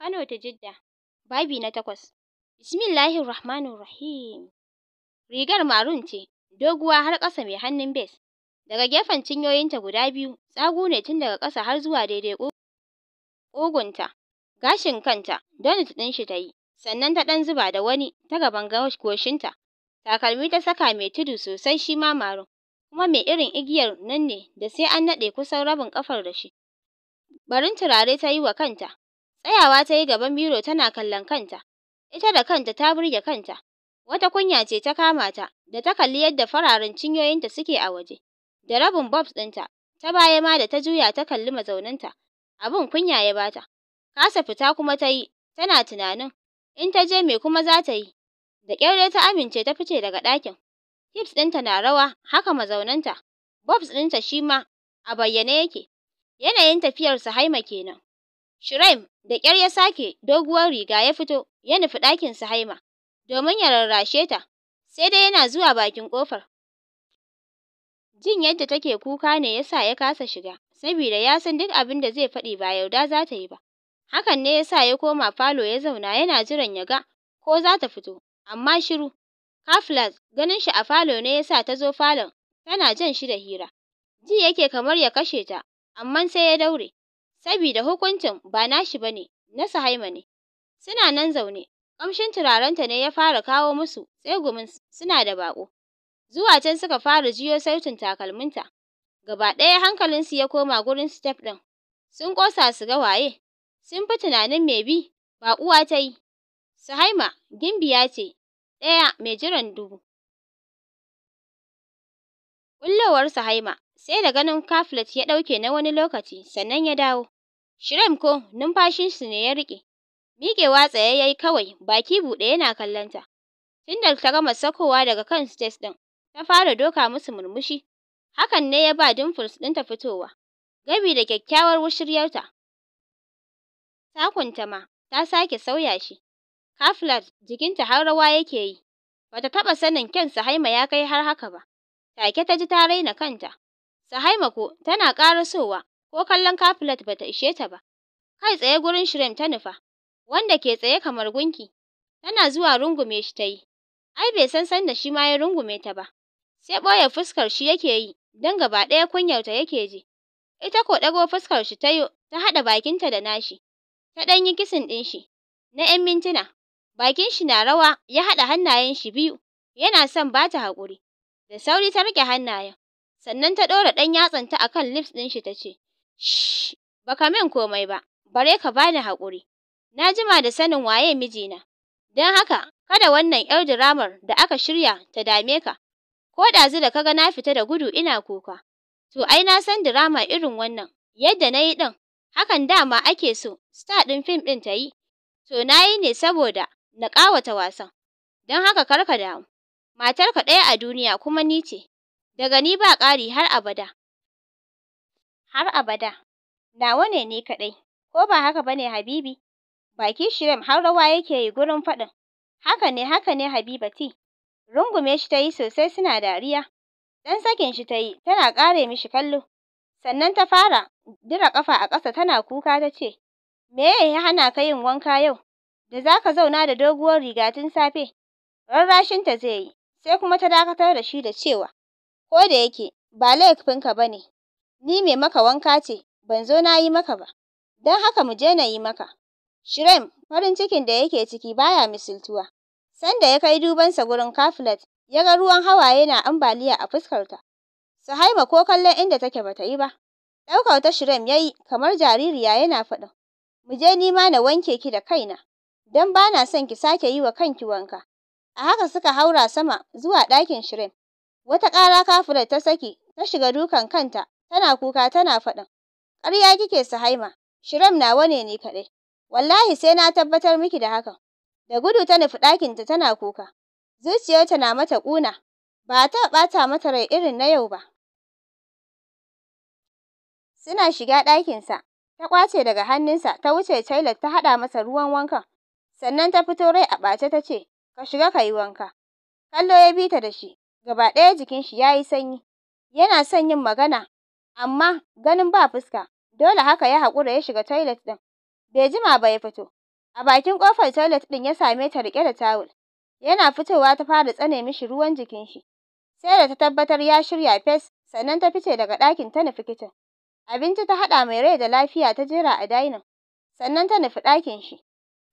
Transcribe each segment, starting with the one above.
Kano ta Jidda. Babi na takwas. Bismillahir Rahmanir Rahim. Rigar marun ce, doguwa har ƙasa mai hannun bes. Daga gefen cinyoyinta guda biyu, tsagu ne tun daga ƙasa har zuwa daidai ƙugunta. Gashin kanta, donut ɗin shi ta yi, sannan ta ɗan zuba da wani ta gaban goshinta. Takalmi ta saka mai tudu sosai shi ma maroon, kuma mai irin igiyar nan ne da sai an naɗe kusan rabin ƙafar da shi. Barin turare ta yi wa kanta, Tsayawa ta yi gaban biro tana kallon kanta. Ita da kanta ta burge kanta. Wata kunya ce ta kama ta da ta kalli yadda fararen cinyoyinta suke a waje, da rabin bobs ɗinta, ta baya ma da ta juya ta kalli mazauninta. Abin kunya ya bata. Kasa fita kuma ta yi, tana tunanin, in ta je me kuma za ta yi? Da kyaure ta amince ta fice daga ɗakin. Hips ɗinta na rawa, haka mazauninta. Bobs ɗinta shi ma a bayyane yake. Yanayin tafiyarsa haima kenan. Shrimp da ƙyar ya sake doguwar riga ya fito ya nufi ɗakin Suhaima domin ya rarrashe ta, sai dai yana zuwa bakin ƙofar. Jin yadda take kuka ne ya sa ya kasa shiga, saboda ya san duk abin da zai faɗi ba yarda za ta yi ba. Hakan ne ya sa ya koma falo ya zauna yana jiran ya ga ko za ta fito, amma shiru. Kaflas ganin shi a falo ne ya sa ta zo falon tana jan shi da hira. Ji yake kamar ya kashe ta, amma sai ya daure. sabida hukuncin ba nashi ba ne, na Suhaima ne. Suna nan zaune, ƙamshin turarenta ne ya fara kawo musu tsegumin suna da baƙo. Zuwa can suka fara jiyo sautin takalminta. Gaba ɗaya hankalin su ya koma gurin step ɗin. Sun ƙosa su ga waye, sun fi tunanin me bi, ba uwa ta yi. Suhaima gimbiya ce, ɗaya mai jiran dubu. Ƙullowar Suhaima Sai da ganin kaflet ya ɗauke na wani lokaci sannan ya dawo. Shirem ko numfashinsu ne ya riƙe. Miƙewa tsaye ya yi kawai baki buɗe yana kallonta. Tunda ta gama sakowa daga kan stage ɗin, ta fara doka musu murmushi. Hakan ne ya ba dimples ta fitowa, gabi da kyakkyawar wushiryarta. Takunta ma ta sake sauya shi. kaflet jikinta har rawa yake yi. Bata taɓa sanin kyan Haima ya kai har haka ba. Take ta ji ta raina kanta. Sahaima ko tana sowa ko kallon Capulet bata ishe ta ba, kai tsaye gurin shirim ta nufa, wanda ke tsaye kamar gunki, tana zuwa rungume shi ta yi, ai bai san san da shi ma ya rungume ta ba, sai ɓoye fuskar shi yake yi dan gaba ɗaya kunyarta yake ji. Ita ko ɗago fuskar shi ta yo ta haɗa bakinta da nashi, ta ɗan yi kisin ɗin shi na 'yan mintuna. Bakin shi na rawa ya haɗa hannayen shi biyu yana son bata hakuri haƙuri. Da sauri ta rike hannayen sannan ta ɗora ɗan yatsanta a kan lips ɗin shi ta ce, Shh, ba min komai ba, bare ka bani haƙuri. Na jima da sanin waye mijina, don haka kada wannan 'yar diramar da aka shirya ta dame ka. Ko ɗazu da kaga na fita da gudu ina kuka. To ai na san dirama irin wannan, yadda na yi ɗin, hakan dama ake so, star ɗin fim ɗin ta yi. To na yi ne saboda na ƙawata wasan, don haka kar ka damu. Matarka ɗaya a duniya kuma ni ce, daga ni ba ƙari har abada har abada nawa ne ni kaɗai ko ba haka ba ne habibi baki shirem har rawa yake yi gurin faɗin haka ne haka ne habibati rungume shi ta yi sosai suna dariya Ɗan sakin shi ta yi tana ƙare mishi kallo sannan ta fara dira ƙafa a ƙasa tana kuka ta ce me ya hana ka yin wanka yau da za ka zauna da doguwar riga tun safe rarrashinta zai yi sai kuma ta dakatar da shi da cewa Ko da yake ba laifinka ba ne, ni mai maka wanka ce ban zo na yi maka ba, don haka mu je na yi maka. Shirem farin cikin da yake ciki baya misiltuwa Sanda ya kai dubansa gurin Kafilat ya ga ruwan hawa yana ambaliya a fuskarta. Suhaima ko kallon inda take bata yi ba. Ɗaukar ta Shirem ya yi kamar jaririya yana faɗin. Mu je ni ma na wanke ki da kaina, don ba na son ki sake yi wa kanki wanka. A haka suka haura sama zuwa ɗakin Shirem. Wata ƙara Kafilat ta saki ta shiga dukan kanta tana kuka tana faɗin ƙarya kike haima. Shiram nawa ne ni kaɗai wallahi sai na tabbatar miki da hakan da gudu ta nufi ɗakinta tana kuka zuciyarta na mata ƙuna ba a ta ɓata mata rai irin na yau ba suna shiga ɗakinsa ta ƙwace daga hannunsa ta wuce toilet ta haɗa masa ruwan wankan sannan ta fito rai a ɓace ta ce ka shiga ka yi wanka kallo ya bi ta da shi Gaba ɗaya jikin shi yayi sanyi. Yana son yin magana amma ganin ba fuska, dole haka ya haƙura ya shiga toilet ɗin. Bai jima ba ya fito. A bakin ƙofar toilet ɗin ya same ta riƙe da tawul. Yana fitowa ta fara tsane mishi ruwan jikin shi. Sai da ta tabbatar ya shirya fes sannan ta fice daga ɗakin ta nufi kicin. Abinci ta haɗa mai rai da lafiya ta jera a dainin. Sannan ta nufi ɗakin shi.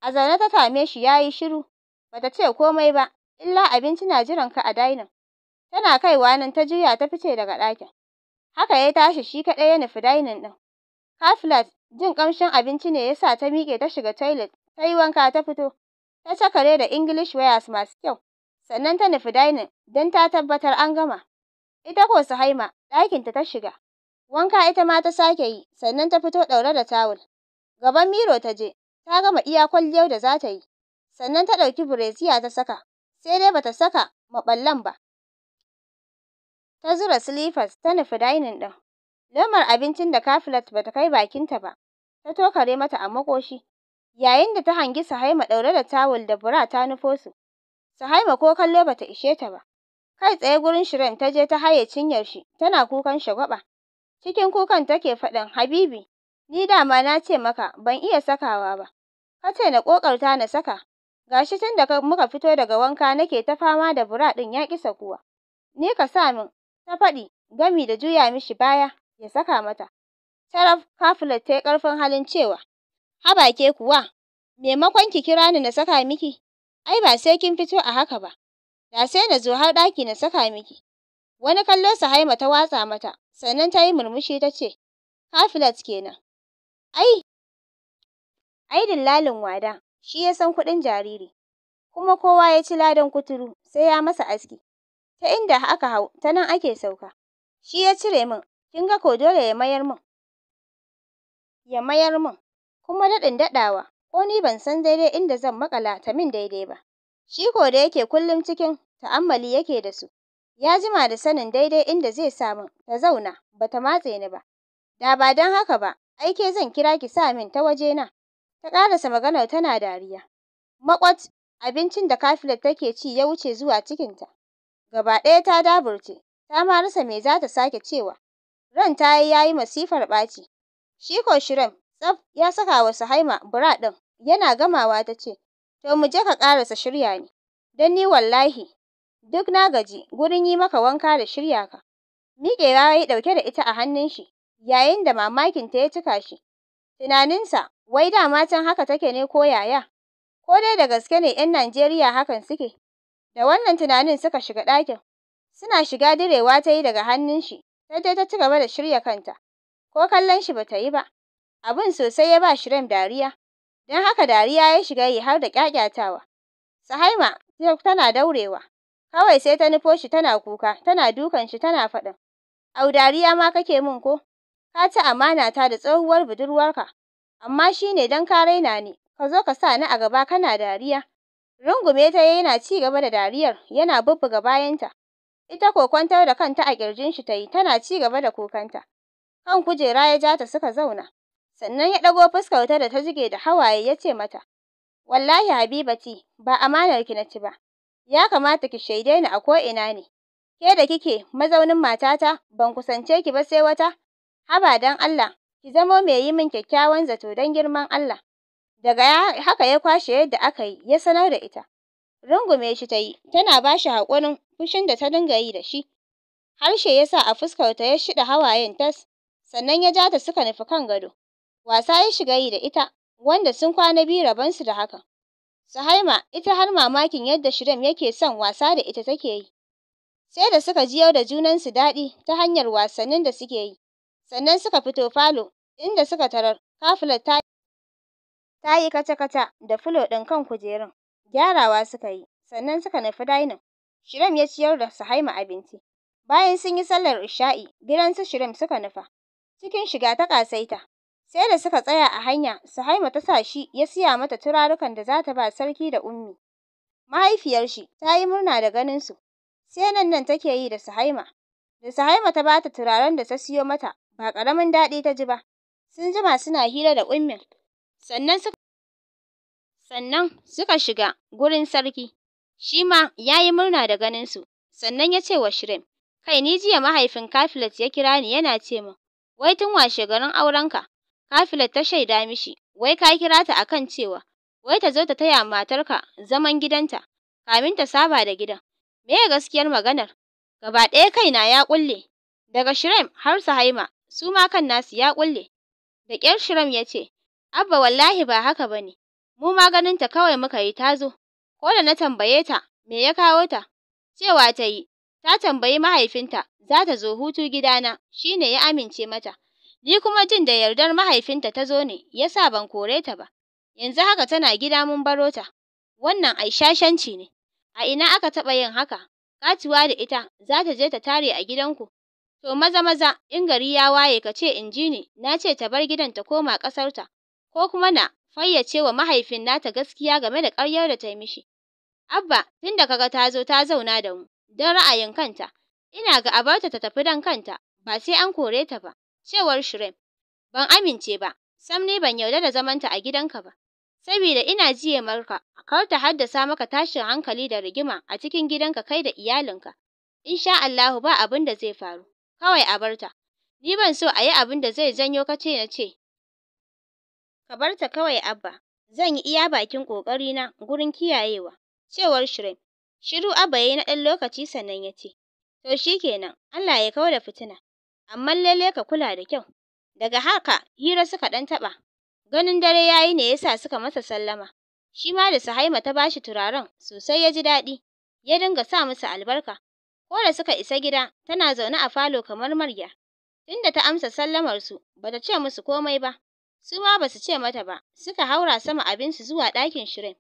A zaune ta same shi yayi shiru. Bata ce komai ba, illa abinci na jiran ka a dainin. Tana kaiwa nan ta juya ta fice daga ɗakin. Haka ya tashi shi kaɗai ya nufi dainin ɗin. Kafilat jin ƙamshin abinci ne ya sa ta miƙe ta shiga toilet ta yi wanka ta fito. Ta cakare da English wayas masu kyau sannan ta nufi dainin don ta tabbatar an gama. Ita ko haima, ɗakinta ta shiga. Wanka ita ma ta sake yi sannan ta fito ɗaure da tawul. Gaban miro ta je ta gama iya kwalliyar da za ta yi sannan ta ɗauki biresiya ta saka sai dai ba ta saka maɓallan ba Ta zura silifas ta nufi dainin ɗin. Lomar abincin da kafilet bata ta kai bakinta ba ta tokare mata a makoshi yayin da ta hangi Suhaima ɗaure da tawul da bura ta nufo su. Suhaima ko kallo bata ishe ta ba. Kai tsaye gurin Shirin ta je ta haye cinyar shi tana kukan shagwaɓa. Cikin kukan take faɗin, "Habibi, ni dama na ce maka ban iya sakawa ba. Ka ce na ƙoƙarta na saka. Gashi tun da muka fito daga wanka nake ta fama da bura ɗin ya ƙi kuwa. Ni ka sa min, ta faɗi, gami da juya mishi baya ya saka mata. Taraf, Kafulat ta yi ƙarfin halin cewa, Haba ke kuwa, maimakon ki kira ni na saka miki, ai ba sai kin fito a haka ba, da sai na zo har ɗaki na saka miki. Wani kallo haima ta watsa mata, sannan ta yi murmushi ta ce, Kafilat kenan. Ai, ai dillalin wada, shi ya san kuɗin jariri, kuma kowa ya ci ladan kuturu sai ya masa aski. ta inda aka hau ta nan ake sauka. Shi ya cire min, kin ga ko dole ya mayar min. Ya mayar min, kuma daɗin daɗawa, ko ni ban san daidai inda zan maƙala ta min daidai ba. Shi ko da yake kullum cikin ta'ammali yake da su. Ya jima da sanin daidai inda zai sa min ta zauna, ba ta matse ni ba. Da ba don haka ba, ai ke zan kira ki sa min ta wajena. Ta ƙarasa maganar tana dariya. Maƙwat abincin da kafilat take ci ya wuce zuwa cikinta. Gaba ɗaya ta daburce, ta ma rasa me za ta sake cewa. Ran yi ya yi masifar ɓaci. Shi ko Shirem tsaf ya saka wa Suhaima bura ɗin, yana gamawa ta ce, To mu je ka ƙarasa shirya ne. don ni wallahi duk na gaji gurin yi maka wanka da shirya ka. Miƙewa ya ɗauke da ita a hannun shi, yayin da mamakinta ya cika shi. Tunaninsa, wai dama can haka take ne ko yaya? Ko dai da gaske ne 'yan Najeriya hakan suke? Da wannan tunanin suka shiga ɗakin. Suna shiga direwa ta yi daga hannun shi, ta je ta ci gaba da shirya kanta. Ko kallon shi bata yi ba. Abin sosai ya ba shi ran dariya. Don haka dariya ya shiga yi har da ƙyaƙyatawa. Sahaima tana daurewa. Kawai sai ta nufo shi tana kuka, tana dukan shi tana faɗin. Au dariya ma kake min ko? Ka ci amana ta da tsohuwar budurwarka. Amma shine ne don ka raina ni, ka zo ka sa ni a gaba kana dariya. Rungume ta yi yana ci gaba da dariyar, yana bubbuga bayanta. Ita ko kwantar da kanta a kirjin shi tayi tana ci gaba da kukanta. Kan kujera ya ja ta suka zauna. Sannan ya ɗago fuskar ta da ta jige da hawaye ya ce mata, Wallahi Habibati, ba amanar ki na ci ba. Ya kamata ki shaide ni a ko'ina ne. Ke da kike mazaunin matata, ban kusance ki ba sai wata. Haba dan Allah, ki zamo mai yi min kyakkyawan zato don girman Allah. daga haka ya kwashe yadda aka yi ya sanar da ita rungume shi ta yi tana ba shi haƙurin fushin da ta dinga yi da shi harshe ya sa a fuskarta ya shida hawayen tas sannan ya ja ta suka nufi kan gado wasa ya shiga yi da ita wanda sun kwana biyu su da Su haima, ita har mamakin yadda Shirem yake son wasa da ita take yi sai da suka ji yau da junansu daɗi ta hanyar wasannin da suke yi sannan suka fito falo inda suka tarar kafilar ta ta yi kaca-kaca da fulo ɗin kan kujerun. Gyarawa suka yi, sannan suka nufi dainin. Shirem ya ciyar da su Haima abinci. Bayan sun yi sallar isha'i, gidan su Shirem suka nufa. Cikin shiga ta ƙasaita, sai da suka tsaya a hanya, su Haima ta sa shi ya siya mata turarukan da za ta ba sarki da ummi. Mahaifiyar shi ta yi murna da ganin su. Sai nan nan take yi da su Haima. Da su Haima ta ba ta turaren da ta siyo mata, ba ƙaramin daɗi ta ji ba. Sun jima suna hira da ummin, sannan suka shiga gurin sarki, shi ma ya murna da ganin su sannan ya ce wa Shirin, Kai ni jiya mahaifin Kafilat ya kira ni yana ce min, wai tun washe garin aurenka, Kafilat ta shaida mishi, wai ka kira ta akan cewa, wai ta zo ta taya matarka zaman gidanta, kamin ta saba da gidan. Me ya gaskiyar maganar? Gaba ɗaya kaina ya ƙulle, daga Shirem har su su ma kan nasu ya ƙulle. Da ƙyar Shirem ya ce, "Abba wallahi ba haka ba ne, mu ma ganinta kawai muka yi ta zo, ko da na tambaye ta me ya kawo ta, cewa ta yi ta tambayi mahaifinta za ta zo hutu gidana shi ne ya amince mata, ni kuma jin da yardar mahaifinta ta zo ne ya sa ban kore ta ba, yanzu haka tana gida mun baro ta, wannan ai shashanci ne, a ina aka taɓa yin haka, katuwa da ita za ta je ta tare a gidanku, to maza-maza in gari ya waye ka ce in ji ne. na ce ta bar gidan ta koma ƙasarta ko kuma na fayyace wa mahaifin nata gaskiya game da ƙaryar da ta yi mishi. Abba, tun da kaga ta zo ta zauna da mu, don ra'ayin kanta, ina ga a barta ta tafi don kanta, ba sai an kore ta ba, cewar Shirem. Ban amince ba, sam ni ban yarda da zamanta a gidanka ba, saboda ina jiye marka, kar ta haddasa maka tashin hankali da rigima a cikin gidanka kai da iyalinka. Insha Allahu ba abin da zai faru, kawai a barta. Ni ban so a yi abin da zai janyo kace na ce, "Ka bar ta kawai Abba, zan yi iya bakin ƙoƙarina gurin kiyayewa," cewar shirin. Shiru Abba ya na ɗan lokaci sannan ya ce, "To shi kenan, Allah ya kau da fitina, amma lalle ka kula da kyau." Daga haka hira suka ɗan taɓa. Ganin dare ya yi ne ya sa suka masa sallama. Shi ma da Suhaima ta bashi shi turaren sosai ya ji daɗi, ya dinga sa musu albarka. Ko da suka isa gida, tana zaune a falo kamar marya. Tunda ta amsa sallamar su, bata ce musu komai ba. su ma ba su ce mata ba suka haura sama abinsu zuwa ɗakin shirin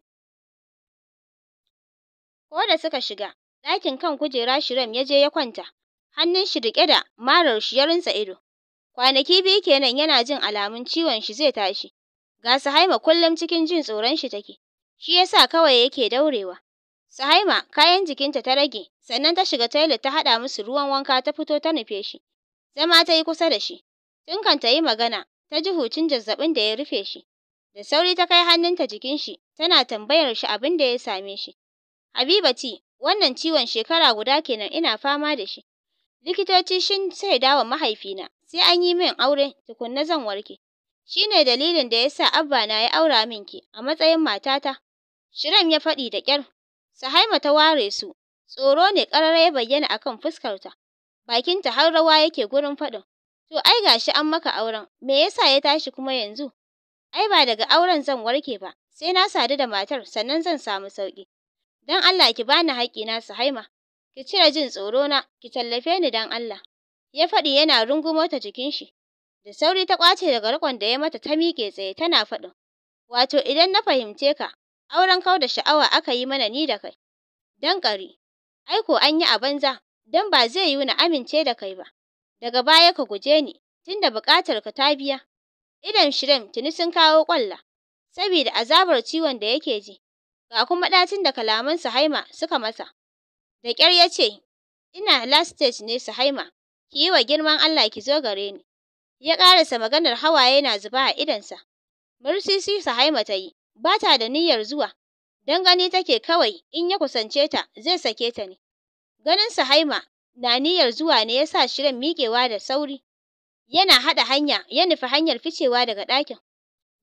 Ko da suka shiga ɗakin kan kujera shirin ya je ya kwanta hannun shi riƙe da marar shi ya ido kwanaki biyu kenan yana jin alamun ciwon shi zai tashi ga Suhaima kullum cikin jin tsoron shi take shi yasa kawai yake daurewa Suhaima kayan jikinta ta rage sannan ta shiga toilet ta haɗa musu ruwan wanka ta fito ta nufe shi zama ta yi kusa da shi tun kan ta yi magana ta ji hucin zazzabin da ya rufe shi da sauri ta kai hannunta jikin shi tana tambayar shi abin da ya same shi Habiba Habibati wannan ciwon shekara guda kenan ina fama da shi likitoci shin sai dawo mahaifina sai an yi min aure tukunna zan warke shine dalilin da yasa abba na ya aura min ki a matsayin matata Shiram ya faɗi da ƙyar Sahaima ta ware su tsoro ne ƙarara ya bayyana akan fuskarta bakinta har rawa yake gurin faɗin To ai gashi an maka auren, me yasa ya tashi kuma yanzu? Ai ba daga auren zan warke ba, sai na sadu da matar sannan zan samu sauki. Dan Allah ki bani haƙƙi su Suhaima. Ki cire jin tsoro na, ki tallafe ni dan Allah. Ya faɗi yana rungumo ta jikin shi. Da sauri ta kwace daga rikon da ya mata ta miƙe tsaye tana faɗin. Wato idan na fahimce ka, auren kau da sha'awa aka yi mana ni da kai. Dan ƙari, ai an yi a banza, dan ba zai yiwu na amince da kai ba. daga baya ka guje ni tunda buƙatar ka ta biya Idan Shirem tuni sun kawo ƙwalla saboda azabar ciwon da yake ji ga kuma ɗacin da kalaman haima suka masa da kyar ya ce ina last stage ne haima. ki yi wa girman Allah ki zo gare ni ya ƙarasa maganar hawaye na zuba a idonsa mursisi Suhaima ta yi ba ta da niyyar zuwa dan gani take kawai in ya kusance ta zai sake ta ne ganin haima. na niyyar zuwa ne ya sa shirin miƙewa da sauri. Yana haɗa hanya, ya nufi hanyar ficewa daga ɗakin.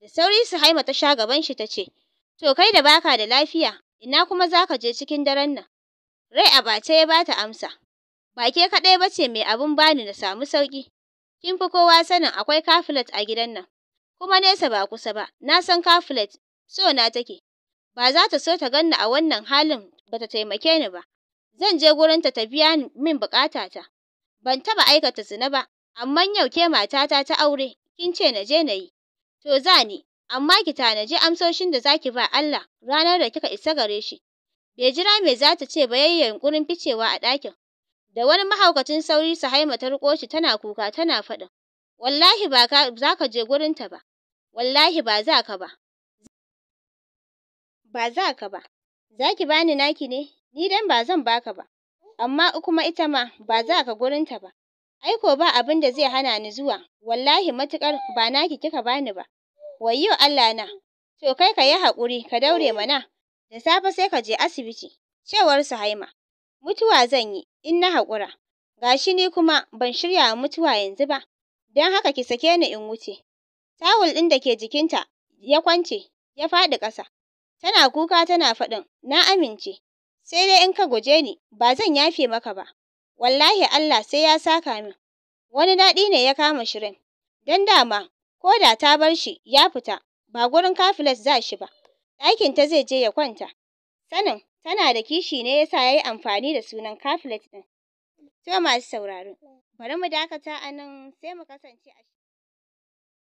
Da sauri su haima ta sha gaban shi ta ce, To kai da baka da lafiya, ina kuma za ka je cikin daren nan? Rai a bace ya bata amsa. Ba ke kaɗai ba ce mai abin bani na samu sauƙi. Kin fi kowa sanin akwai kafilet a gidan nan. Kuma nesa ba kusa ba, na san kafilet, so na take. Ba za ta so ta ganni a wannan halin ba ta taimake ni ba. Zan je gurinta ta biya min ta. Ban taba aikata zina ba, amma yau ke matata ta aure, kin ce na je na yi. To za ni, amma ki tanaji amsoshin da zaki ba Allah ranar da kika isa gare shi. Bai jira me za ta ce ba yayi yunƙurin ficewa a ɗakin. Da wani mahaukacin sauri Sahaima ta riko shi tana kuka tana faɗin. Wallahi ba za ka je gurinta ba, wallahi ba za ka ba. Ba za ka ba, za bani naki ne? ni dan ba zan baka ba amma kuma ita ma ba za ka gurin ta ba ai ko ba abin da zai hana ni zuwa wallahi matukar ba naki kika bani ba wayyo Allah na to kai ka yi hakuri ka daure mana da safe sai ka je asibiti cewar su haima. mutuwa zan yi in na hakura gashi ni kuma ban shirya wa mutuwa yanzu ba dan haka ki sake ni in wuce tawul din da ke jikinta ya kwance ya fadi ƙasa tana kuka tana faɗin na amince sai dai in ka guje ni ba zan yafe maka ba wallahi Allah sai ya saka min wani daɗi ne ya kama shirin don dama ko da ta bar shi ya fita ba gurin kafilas za shi ba ɗakin ta zai je ya kwanta sanin tana da kishi ne yasa ya yi amfani da sunan kafilet ɗin to masu sauraro bari mu dakata a sai mu kasance a